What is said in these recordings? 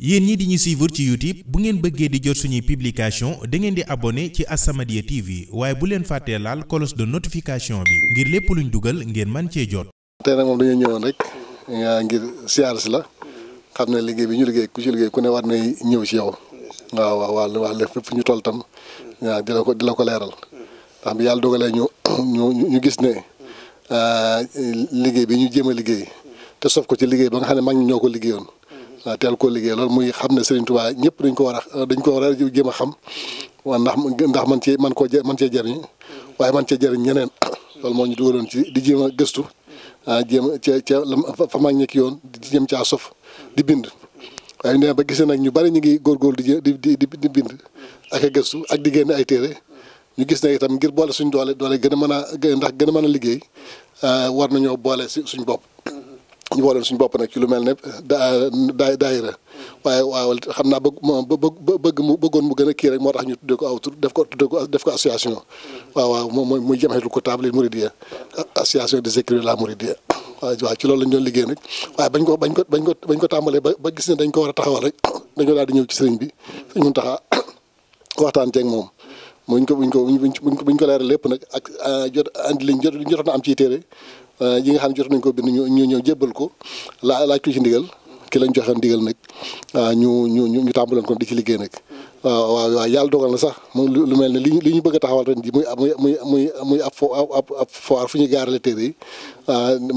yéen ñi di ñu suivre ci YouTube bu ngeen bëggee di jot suñuy publication da ngeen di abonné ci As-Samadiyya TV waaye bu leen fàttee laal cloche de notification bi ngir lépp luñ dugal ngeen man cee jot. tey nag moom dañoo ñëwoon rek ngir siyaar la xam ne liggéey bi ñu liggéey ku ci ne war nay ñëw ci yow waaw waaw waaw waaw lépp fu ñu toll tam waaw di la ko di ko leeral ndax bi yàlla dogalee ñu ñu gis ne euh, liggéey bi ñu jéem liggéey te sof ko ci liggéey ba nga xam ne mag ñi ñoo ko liggéeyoon. teel koo liggéey loolu muy xam ne Serigne Touba ñëpp dañ ko war a dañ ko war a jéem a xam wa ndax ndax man cee man koo man cee jëriñ waaye man cee jëriñ ñeneen loolu moo ñu dugaloon ci di jéem a gëstu ah, jéem a cee cee fa mag ñekk yoon di jéem caa sof di bind waaye nee ba gisee nag ñu bari ñu ngi góorgóorlu di di di di bind ak gëstu ak di génne ay téere ñu gis ne itam ngir boole suñ doole doole gën a mën a ndax gën a mën a liggéey ah, war nañoo boole si suñ bopp ñu woo leen suñu bopp nag ci lu mel ne euh, daa daa daayira waaye waaw xam naa bëgg bëgg mu bëggoon mu gën a kii rek moo tax ñu tuddee ko aw def ko tuddee ko def ko association. waaw waaw moom mooy muy Jamiyatul Kuttab lil Mouridiyya association des écrivains la Mouridiyya waaw waaw ci loolu lañ doon liggéey nag waaye bañ ko bañ ko bañ ko bañ ko tàmbalee ba ba gis ne dañ ko war a taxawal rek dañoo daal di ñëw ci sëriñ bi sëriñ Muntaxa waxtaan ceeg moom. buñ ko buñ ko buñ ko buñ ko leeral lépp nag ak euh, jot andi liñ jot liñ jotoon am ciy téere yi euh, nga xam ne jot nañ ko bind ñu ñu ñëw jébbal ko laa laaj ko ci ndigal ki lañ joxe ndigal nag euh, ñu ñu ñu tàmbaleen kon di ci liggéey nag waaw euh, waaw waaw yàlla dogal na sax moom lu mel ne li ñu li ñu bëgg a taxawal ren ji muy muy muy muy muy ab fo ñu ab foire fu ñuy gaarale téere yi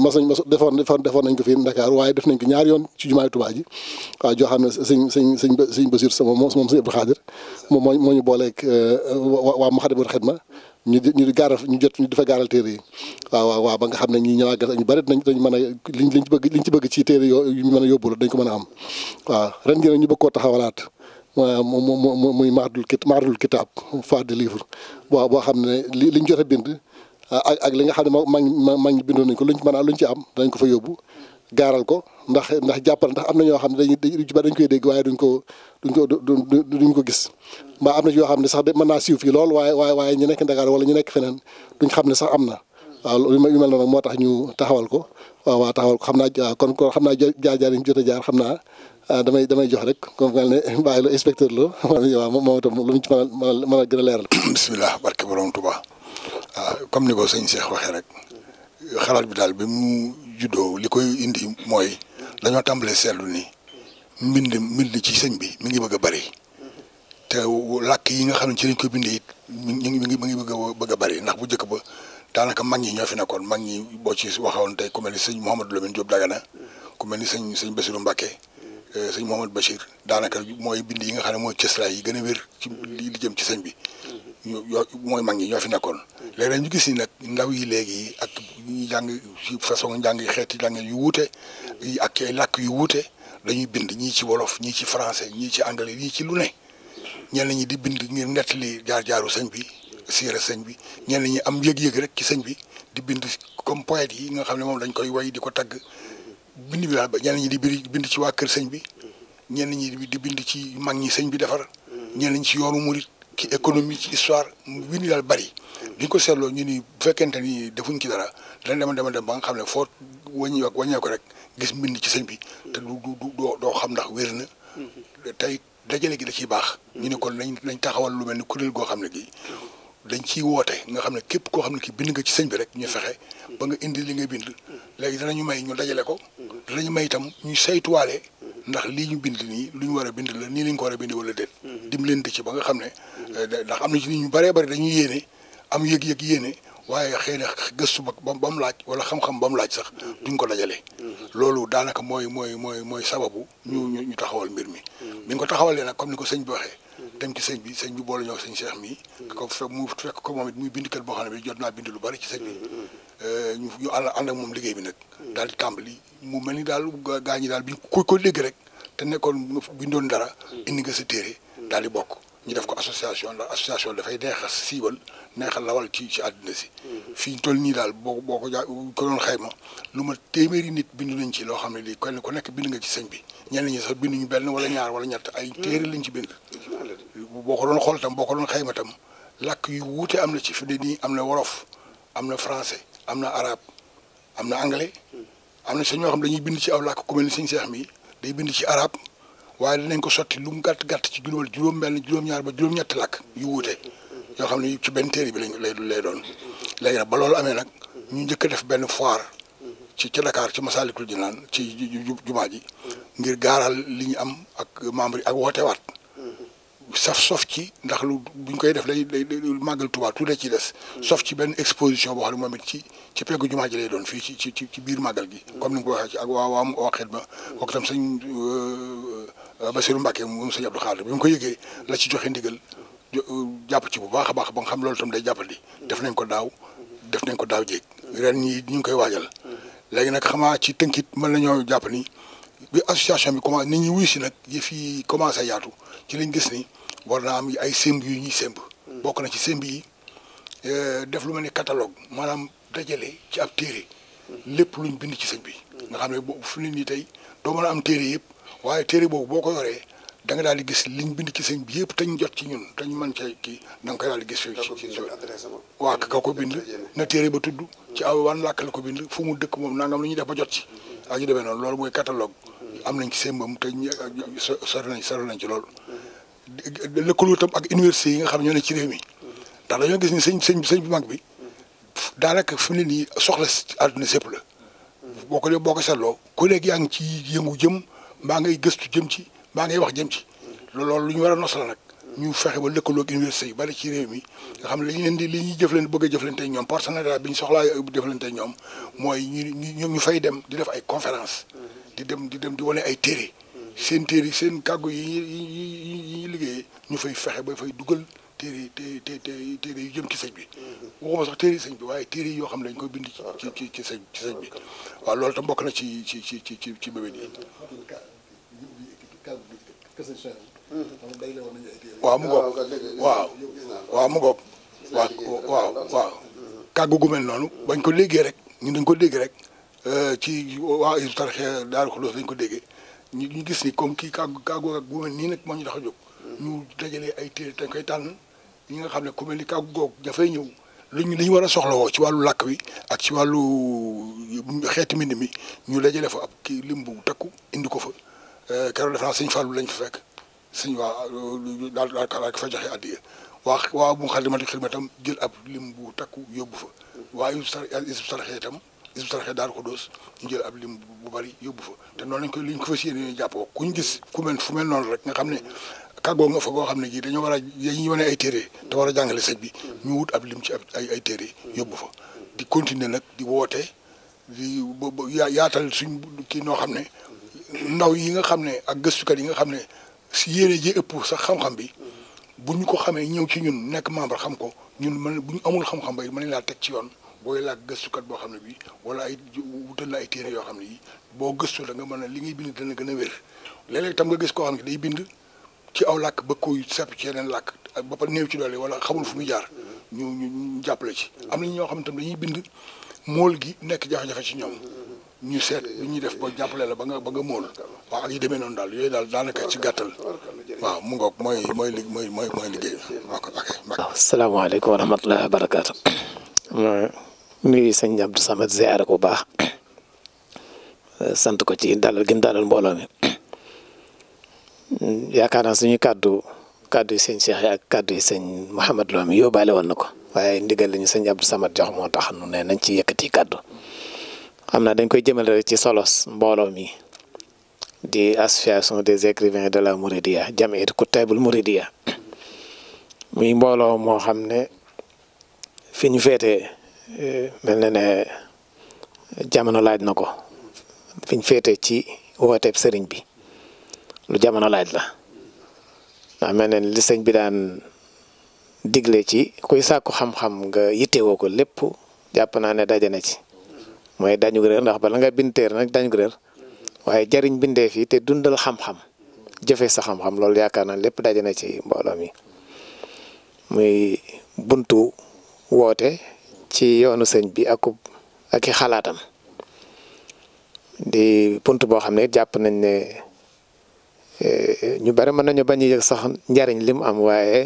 mas nañ mas defoon defoon nañ ko fii Dakar waaye def nañ ko ñaari yoon ci jumaay Tuubaa ji waaw joo sañ ne sëñ sëñ sëñ sëñ Basiir sama moom moom sëñ Abdou Xaadir moom moo moo ñu booleeg waa Muxaddamatul ma ñu di ñu di gaaral ñu jot ñu fa gaaral téere yi waaw waaw waaw ba nga xam ne ñi ñëwaat gerte ñu bëri dinañ dañ mën a liñ liñ ci bëgg ci bëgg ci téere yoo yu mën a yóbbu la dañ ko mën a am waaw ren jii nag ñu bëgg koo taxawalaat mu muy maadul kit maadul kitaab foire de livre waaw boo xam ne li liñ jot a bind ak ak li nga xam ne mag mag bindoon nañ ko luñ mën a luñ ci am dañ ko fa yóbbu gaaral ko ndax ndax jàppal ndax am na ñoo xam ne dañuy dañ koy dégg waaye duñ ko duñ ko gis mbaa am na yoo xam ne sax mën naa siiw fii lool waaye waaye waaye ñu nekk Dakar wala ñu nekk feneen duñ xam ne sax am na waaw lu mel moo tax ñu taxawal ko waaw waaw taxawal ko xam naa kon kon xam naa jaar jaar ñu jot a jaar xam naa ah, damay damay jox rek comme mel la inspecteur a mën a a leeral. bisimilah barke borom Touba ah, ko sëñ Cheikh waxee rek xalaat bi daal bi juddoo li koy indi mooy dañoo tàmbalee seetlu nii mbind mbind ci sëñ bi mi ngi bëgg a bari te làkk yi nga xam ne ci lañ ko bindee it mi ngi mi ngi mi ngi bëgg a bëgg a bari ndax bu jëkk ba daanaka mag ñi ñoo fi nekkoon mag ñi boo ci waxoon tey ku mel ni sëñ Mouhamadou Lamine Diop Dagana ku mel ni señ sëñ Bassirou Mbacké eh, sëñ Mouhamadou Bachir daanaka mooy bind yi nga xam ne mooy cëslaay yi gën a wér ci li jëm ci sëñ bi ñoo mooy mag ñi ñoo fi nekkoon. léeg-léeg ñu gis ni nag ndaw yi léegi ak ñuy jàng ci façon njàng xeeti jàng yu wuute. ak ay làkk yu wuute dañuy bind ñii ci wolof ñii ci français ñii ci anglais ñii ci lu ne. ñenn ñi di bind ngir nettali jaar-jaaru sëñ bi siira sëñ bi ñenn ñi am yëg-yëg rek ci sëñ bi di bind comme poète yi nga xam ne moom dañ koy way di ko tagg bind bi daal ba ñenn ñi di bind ci waa kër sëñ bi ñenn ñi di bind ci mag ñi sëñ bi defar ñenn ñi ci yoonu murit ki économie ci histoire mu ñu daal bari bi ñu ko seetloo ñu ni bu fekkente ni defuñ ci dara dana dema dema dem ba nga xam ne foo wàññi ak wàññee ko rek gis mbind ci sëñ bi te du du doo doo xam ndax wér na tey dajale gi da ciy baax ñu ne kon nañ nañ taxawal lu mel ni kuréel goo xam ne gii dañ ciy woote nga xam ne képp koo xam ne ki bind nga ci sëñ bi rek ñu fexe ba nga indi li nga bind léegi danañu may ñu dajale ko ñu may itam ñu saytuwaale ndax lii ñu bind nii lu ñu war a bind la nii lañ ko war a bind wala déet dimbalante ba nga xam ne ndax am na ci ñu bëree bëri dañu yéene am yëg-yëg yéene waaye xëy na gëstu ba ba mu laaj wala xam-xam ba laaj sax duñ ko dajalee. loolu daanaka mooy mooy mooy mooy sababu ñu ñu ñu taxawal mbir mi. bi ñu ko taxawalee nag comme ni ko sëñ bi waxee. dem ci sëñ bi sëñ bi boole ñoo sëñ Cheikh mii. ko fekk mu moom it muy bind kat boo xam ne bi jot naa bind lu bari ci sëñ bi. Euh, ñu ñu ànd ànd ak moom liggéey bi nag. daal di tàmbali mu mel ni daal gaa ñi daal bi ku ko dégg rek te nekkoon bindoon dara. indi nga sa téere daal di bokk. ñu def ko association la association dafay neex a siiwal neex a lawal ci ci àddina si. Mhm. fi ñu toll nii daal boo boo ko jaa ko doon xayma lu ma téeméeri nit bindu nañ ci loo xam ne lii kenn ku nekk bind nga ci sëñ bi ñenn ñi sax binduñu benn wala mhm. ñaar wala ñett ay mhm. téere lañ ci bind. boo ko doon xool tam boo doon xayma tam làkk yu wuute am na ci fi nii am na wolof am na français am na arabe am na anglais am na sa ñoo xam dañuy bind ci aw làkk ku mel ni Seex mi day bind ci arabe. waaye nañ ko sotti lu mu gàtt gàtt ci juróom juróom-benn juróom-ñaar ba juróom-ñetti lakk yu wuute yoo xam ne ci benn téere bi lañ lay lay doon léegi nag ba loolu amee nag ñu njëkk a def benn foire ci ca Dakar ci Masaalikul Jinaan ci jumaa ji ngir gaaral li ñu am ak membre yi ak wootewaat saf sof ci ndax lu buñ koy def lay lay màggal tu tuuti ci des. sof ci benn exposition boo xam ne moom it ci. ci peggu jumaa ji lay doon fii ci ci ci biir màggal gi. comme ni nga ko waxee ci ak waa ma waa xet ba. kooku itam sëñ euh, euh, moom sëñ Abdou Xaadir bi mu ko yëgee la ci joxe ndigal euh, jàpp ci bu baax baax ba xam loolu itam day jàppandi. def nañ ko daaw def nañ ko daaw jéeg. ren ñi ñu ngi koy waajal. léegi nag xamaa ci tënkit mën nañoo jàpp ni bi association bi commencé nit ñu wuy si nag yëf yi commencé yaatu ci lañ gis ni war naa am ay sémb yu ñuy sémb. bokk na ci sémb yi def lu ma ni catalogue maanaam dajale ci ab téere lépp luñ bind ci sëñ bi nga xam ne boobu fu ne nii tey doo mën a am téere yëpp waaye téere boobu boo ko yoree da nga daal di gis liñ bind ci sëñ bi yëpp te jot ci ñun te ñu mën cee kii da nga koy daal di gis fii ci waa ka ko bind na téere ba ci aw wan làkk ko bind fu mu dëkk moom nangam lu ñuy def ba jot ci ak yu demee noonu loolu mooy am nañ ci seen mbam te sori nañ sori nañ ci loolu lëkkaloo tam ak université yi nga xam ñoo ne ci réew mi ndax dañoo gis ni sëñ sëñ sëñ bu mag bi daanaka fi mu ne nii soxla àdduna sépp la boo ko boo ko seetloo ku nekk yaa ngi ci yëngu jëm mbaa ngay gëstu jëm ci mbaa ngay wax jëm ci loolu lu ñu war a nos la nag ñu fexe ba lëkkaloog université yi bari ci réew mi nga xam ne li ñu leen di li ñuy jëflante bëgg a jëflante ñoom partenariat bi ñu soxlaa jëflante ñoom mooy ñu ñu fay dem di def ay conférence di dem di dem di wane ay téere seen téere seen kàggu yi yi yi yi liggéeyee ñu fay fexe ba fay dugal téere téere téere yu jëm ci sëñ bi waxuma bi waaye téere yoo xam ne dañ koy bind ci ci ci sëñ ci waaw loolu tam bokk na ci ci ci ci ci ci bébét yi waaw mu ngoog waaw waaw mu ngoog waaw waaw waaw kàggu gu mel noonu bañ ko déggee rek ñun dañ ko dégg rek euh, ci waa Hizbut Tarqiyyah Daaru Xudoos dañ ko déggee ñu ñu gis ni comme kii kàggu kàggu ak gu mel nii nag moo ñu tax ñu dajalee ay téere dañ koy tànn ñi nga xam ne ku ka ni kàggu dafay ñëw lu ñu li ñu war a soxlawoo ci wàllu làkk wi ak ci wàllu xeeti mbind mi ñu dajale fa ab kii lim bu takku indi ko fa euh, keroog defe naa sëñ Fallou lañ fa fekk sëñ waa euh, daal daal daal fa joxe addiya waa waa bu Muxaddamatul Xidma tam jël ab lim bu takku yóbbu fa waaye isub saraxee tam isub saraxee daal ko doos ñu jël ab lim bu bari yóbbu fa te noonu lañ koy liñ ko fas yéene jàppoo ku ñu gis ku mel fu mel noonu rek nga xam ne kàggoo nga fa goo xam ne jii dañoo war a dañuy wane ay téere te war a jàngale sëñ bi ñu wut ab lim ci ay ay téere yóbbu fa di continuer nag di woote di yaatal suñ kii noo xam ne ndaw yi nga xam ne ak gëstukat yi nga xam ne si yéene ji ëpp sax xam bi bu ñu ko xamee ñëw ci ñun nekk membre xam ko ñun mën bu ñu amul xam-xam bay mën na laa teg ci yoon booy laaj gëstukat boo xam ne bii wala ay wutal na ay téere yoo xam ne yi boo gëstu la nga mën a li ngay bind dana gën a wér léeg tam nga gis koo xam ne day bind ci aw làkk ba koy sepp ci yeneen làkk ak ba pare néew ci doole wala xamul fu muy jaar ñu ñu jàppale ci am na ñoo xam ne tam bind mool gi nekk jafe ci ñoom ñu seet li ñuy def ba jàppale la ba nga ba nga mool waaw ak yi demee noonu daal yooyu daal daanaka ci gàttal waaw mu ngoog mooy mooy li mooy mooy mooy liggéey waaw salaamaaleykum wa rahmatullahi wa barakaatu ma nuyu sëñ Abdou Samad bu baax sant ko ci dalal gi mu dalal mbooloo mi yaakaar naa suñu kàddu kàddu yi sëñ Cheikh ak kàddu yi sëñ Mouhamed Lo mi yóbbaale woon na ko waaye ndigal lañu sëñ Abdou Samad jox moo tax nu ne nañ ci yëkkati kàddu xam naa dañ koy jëmal rek ci solos mbooloo mi di association des écrivains de la Mouridia Jamiyyat Kuttabul Mouridia muy mbooloo moo xam ne fi ñu féete eh, mel na ne jamono laaj na ko fiñ ñu féete ci wooteeb sëriñ bi. lu jamono laaj la ndax mel ne li sëñ bi daan digle ci kuy sàkku xam-xam nga yittewoo ko lépp jàpp naa ne daje na ci mooy dañu réer ndax bala nga bind téere nag dañu réer waaye jariñ bindeef yi te dundal xam-xam jëfe sa xam-xam loolu yaakaar naa lépp daje na ci mbooloo mi muy buntu woote ci yoonu sëñ bi ak ak xalaatam di bunt boo xam ne jàpp nañ ne. ñu bari mën nañu bañ a sax njariñ li mu am waaye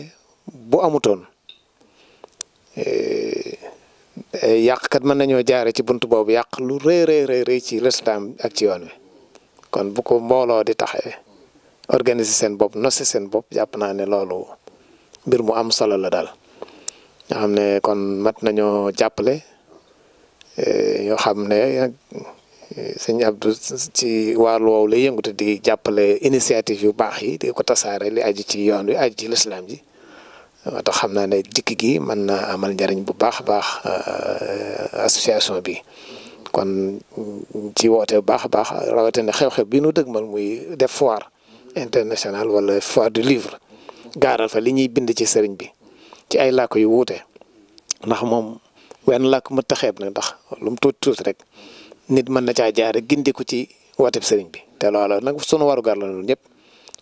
bu amutoon eh, eh, yàqkat mën nañoo jaare ci bunt boobu yàq lu rëy rëy ci résultat ak ci yoon wi kon bu ko mbooloo di taxawee organiser seen bopp nosi seen bopp jàpp naa ne loolu mbir mu am solo la daal nga xam ne kon mat nañoo jàppale eh, yoo xam ne sëñ Abdou ci wàllu woowu lay yëngu di jàppale initiative yu baax yi di ko tasaare li aju ci yoon wi aju ci lislaam ji moo tax xam naa ne dikk gi mën na amal njariñ bu baax a baax euh, association bi kon ci woote bu baax a baax rawatina xew-xew bi nu dëgmal muy def foire internationale wala foire du livre gaaral fa li ñuy bind ci sëriñ bi ci ay làkk yu wuute ndax moom wenn làkk mu taxeeb na ndax lu mu tuuti rek nit mën na caa jaar gindiku ci waateb sëriñ bi te loola nag sunu warugar la ñun ñëpp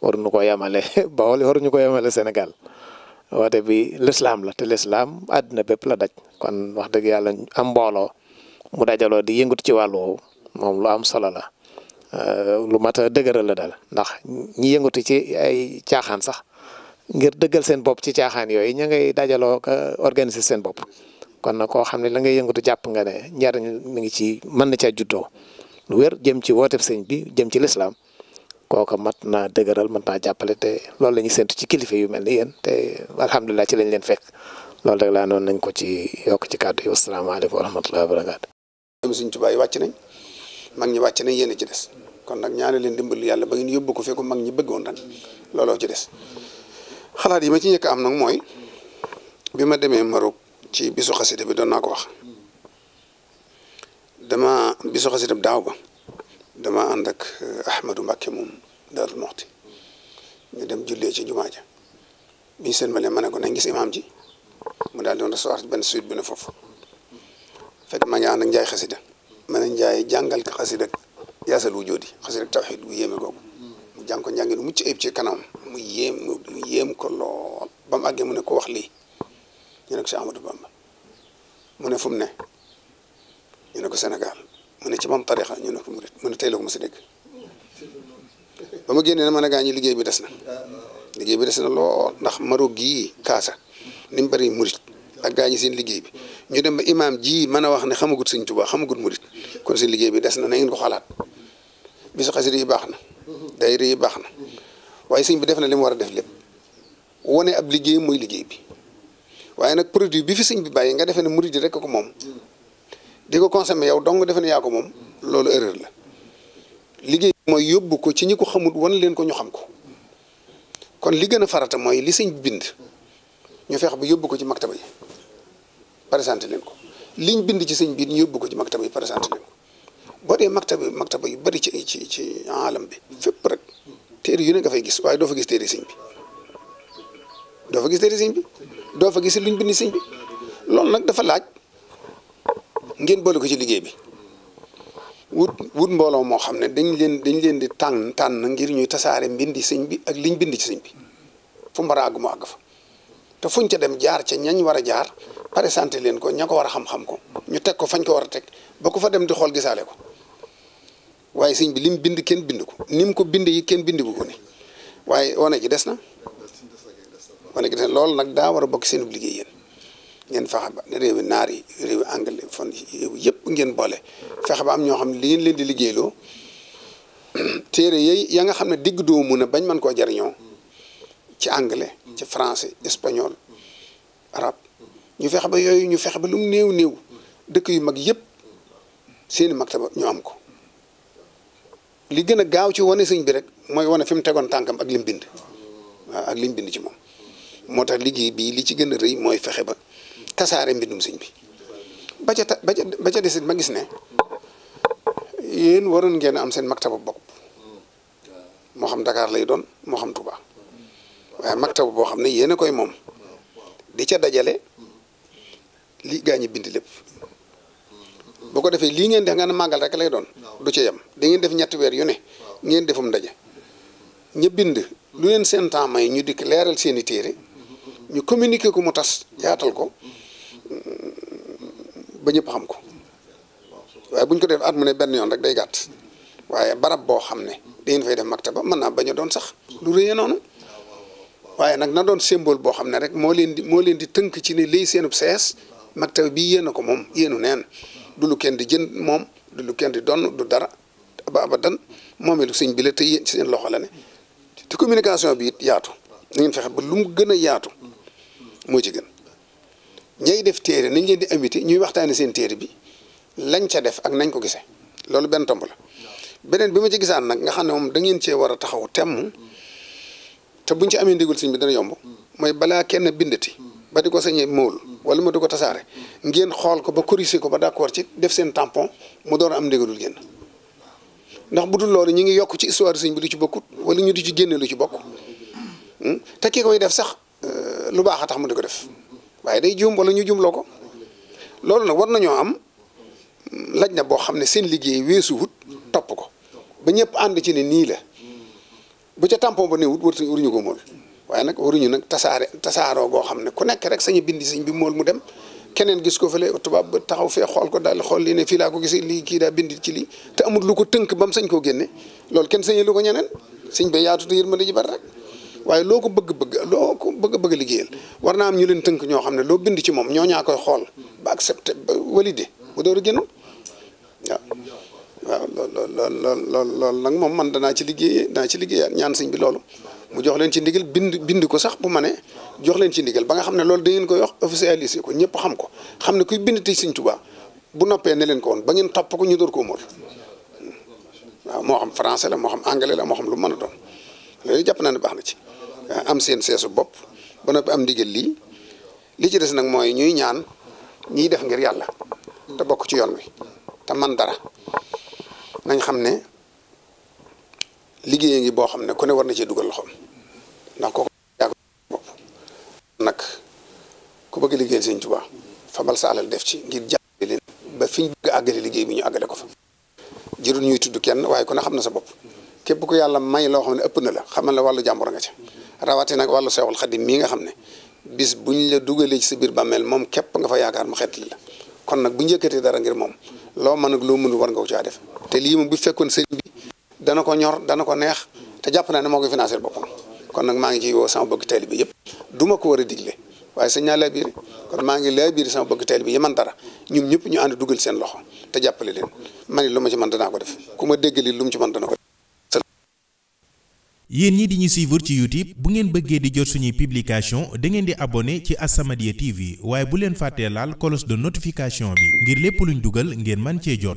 waruñu ko yemale Bawol waruñu ko yemale Sénégal woote bi lislaam la te lislaam àddina bépp la daj kon wax dëgg yàlla am mbooloo mu dajaloo di yëngatu ci wàll woowu lu am solo la euh, lu mat a dëgëral la daal ndax ñi yëngatu ci ay caaxaan sax ngir dëggal seen bopp ci caaxaan yooyu ña ngay dajaloo ka organiser seen bopp kon na koo xam ne la ngay yëngatu jàpp nga ne njariñ mi ngi ci mën na caa juddoo lu wér jëm ci wooteeb sëñ bi jëm ci lislaam kooka mat naa dëgëral mën naa jàppale te loolu la ñuy séntu ci kilifa yu mel ni yéen te alhamdulilah ci lañ leen fekk loolu rek laa noonu nañ ko ci yokk ci kàddu yi wasalaamaaleykum wa rahmatulah wa suñ tubaab yi wàcc nañ mag ñi wàcc nañ yéen ci kon nag ñaane leen dimbal yàlla ba ngeen yóbbu ko fekk mag ñi bëggoon ren looloo ci des xalaat yi ma ci njëkk am nag mooy bi ma demee Maroc ci bisu xasida bi doon naa ko wax dama bisu xasida daaw ba dama ànd ak eh, Ahmadou Mbacke moom Daaru Muxti ñu ci jumaa ja ma leen ma ne ko nañ gis imaam ji mu daal doon recevoir benn suite bi ne foofu fekk maa ngi ànd ak njaay xasida ma ne njaay jàngal ko xasida yaasal wu jóodi xasida tawxiid bu yéeme googu mu jàng ko njàngin mucc ayib ci kanam mu yéem mu yéem ko lool ba mu mu ne ko wax lii ñu ne ko Cheikh mu ne fu mu ne ñu ne ko Sénégal mu ne ci mam tarixa ñu ne ko murit mu ne tey la ko mos a ba ma génnee ne ma ne gaa ñi liggéey bi des na liggéey bi des na ndax Maroc gii kaasa ni mu bëri ñi seen liggéey ñu dem ba imaam ji man a wax ne xamagut sëñ Tuubaa xamagut murit kon seen liggéey bi des na na ngeen ko xalaat bisu xasida yi baax na daayira yi baax na waaye sëñ bi def na li mu war a def lépp wone ab liggéey mooy liggéey bi waaye nag produit bi fi sëñ bi bàyyi nga defee ne murid yi rek ko moom di ko consommer yow dong defe ne yaa ko moom loolu erreur la liggéey mooy yóbbu ko ci ñi ko xamut wan leen ko ñu xam ko kon li gën a farata mooy li sëñ bi bind ñu feex ba yóbbu ko ci maktaba yi présenté leen ko liñ bind ci sëñ bi ñu yóbbu ko ci maktaba yi présenté leen ko boo dee maktaba maktaba yu bari ci ci ci alam bi fépp rek téere yu ne nga fay gis waaye doo fa gis téere bi doo fa gis téere sëñ bi doo fa gis luñ bindi sëñ bi loolu nag dafa laaj ngeen boole ko ci liggéey bi wut wut mbooloo moo xam ne dañ leen dañ leen di tànn tànn ngir ñuy tasaare mbindi siñ bi ak liñ bind ci sëñ bi fu mu war a àgg fa te fuñ ca dem jaar ca ñañ war a jaar présenté leen ko ña ko war a xam-xam ko ñu teg ko fañ ko war a teg ba ku fa dem di xool gisaale ko waaye sëñ bi lim bind kenn bind ko nim ko bind yi kenn bind ko ni waaye wane ji des na wane gi loolu nag daa war a bokk seenub liggéey yéen ngeen fexe ba réewi naar yi réewi anglophone yi yëpp ngeen boole fexe ba am ñoo xam ne li ngeen leen di liggéeyloo téere yooyu ya nga xam ne digg doomu na bañ man koo jariñoo ci anglais ci français espagnol arab ñu fexe ba yooyu ñu fexe ba lu néew néew dëkk yu mag yëpp seeni maktaba ñu am ko li gën a gaaw ci wone sëñ bi rek mooy wane fi mu tegoon tànkam ak lim bind waaw ak lim bind ci moom moo tax liggéey bii li ci gën a rëy mooy fexe ba tasaare mbindum sëñ bi ba ca ba ca ba ma gis ne yéen waroon ngeen am seen maktaba bopp moo xam ndakaar lay doon moo xam tubaa waaye maktaba boo xam ne yéen a koy moom di ca dajale li gaa ñi bind lépp bu ko defee lii ngeen def nga ne màggal rek lay doon du ca yem da ngeen def ñetti weer yu ne ngeen defum ndaje ña lu leen seen temps may ñu dikk leeral seeni téere ñu communiquer ko moo tas yaatal ko ba ñëpp xam ko waaye buñ ko def at mu ne benn yoon rek day gàtt waaye barab boo xam ne dangeen fay def maktaba mën naa bañ a doon sax lu rëyee noonu waaye nag na doon symbole boo xam ne rek moo leen di moo leen di tënk ci ne lii seenub sees maktaba bi yéen ko moom yéenu neen du lu kenn di jënd moom du lu kenn di donn du dara ba abadan moomelu sëñ bi la te yéen seen loxo la ne te communication bi it yaatu na ngeen fexe ba lu gën a yaatu moo ci gën ñay def téere nañ leen di invité ñuy waxtaane seen téere bi lañ ca def ak nañ ko gisee loolu benn tomb la beneen bi ma ci gisaan nag nga xam ne moom da ngeen cee war a taxaw temm te buñ ci amee ndigul sëñ bi dana yomb mooy balaa kenn bindati ba di ko sañee mool wala ma di ko tasaare ngeen xool ko ba corriger ko ba d'accord ci def seen tampon mu doon a am ndigalul génn ndax bu dul loolu ñu ngi yokk ci histoire sëñ bi lu ci bokkut wala ñu di ci génne lu ci bokk hmm? te koy def sax lu baax a tax mu di ko def waaye day juum wala ñu juumloo ko loolu nag war nañoo am laj na boo xam ne seen liggéey weesu wut topp ko ba ñëpp ànd ci ne nii la bu ca tampon ba ne wut wartu waruñu ko mool waaye nag waruñu nag tasaare tasaaroo goo xam ne ku nekk rek sañu bindi siñ bi mool mu dem keneen gis ko fële tubaab ba taxaw fee xool ko daal xool lii ne fii laa ko gisee lii kii daa bindi ci lii te amul lu ko tënk bam sañ koo génne loolu kenn sañe lu ko ñeneen siñ ba yaatutu yërmande ji bar rek waaye loo ko bëgg bëgg loo ko bëgg bëgg liggéeyal war naa am ñu leen tënk ñoo xam ne loo bind ci moom ñoo ñaa koy xool ba accepté ba validé bu door a génnoon waaw waaw lool lool lool nag moom man danaa ci liggéeyee danaa ci liggéeyaat ñaan sëñ bi loolu mu jox leen ci ndigal bind bind ko sax bu ma ne jox leen ci ndigal ba nga xam ne loolu da ngeen koy wax officialisé ko ñëpp xam ko xam ne kuy bind tey siñ Tuubaa bu noppee ne leen ko woon ba ngeen topp ko ñu door koo móol waaw moo xam français la moo xam anglais la moo lu mën a doon yooyu jàpp naa ne baax na ci am seen seesu bopp ba noppi am ndigal lii li ci des nag mooy ñuy ñaan ñiy def ngir yàlla te bokk ci yoon wi te man dara nañ xam ne liggéey ngi boo xam ne ku ne war na cee dugal loxoom ndax koo yaa ko bopp ku bëgg liggéeyal Sëñ Tuubaa fabal sa alal def ci ngir jàppale leen ba fi ñu liggéey bi ñu àggale ko fa jërul ñuy tudd kenn waaye ku ne xam na sa bopp képp ku yàlla may loo xam ne ëpp na la xamal la wàllu jàmbur nga ca rawati nag wàllu seexul xadim mii nga xam ne bis bu ñu la dugalee ci sa biir bàmmeel moom képp nga fa yaakaar mu xeetli kon nag bu njëkkatee dara ngir moom loo mën ak loo mënul war nga ko caa def te lii moom bu fekkoon sëriñ dana ko ñor dana ko neex te jàpp naa ne moo ko financé boppam kon nag maa ngi ciy woo sama bëgg teel yëpp du ma ko war a digle waaye sëñ naa laa biir kon maa ngi laa biir sama bëgg teel bi yi man dara ñun ñëpp ñu ànd dugal seen loxo te jàppale leen man it lu ma ci mën danaa ko def ku ma déggali lu mu ci mën dana ko yéen ñi di ñu suivre ci YouTube bu ngeen bëggee di jot suñuy publication dangeen di abonné ci As-Samadiyya TV waaye bu leen fàttee laal cloche de notification bi ngir lépp luñ dugal ngeen man cee jot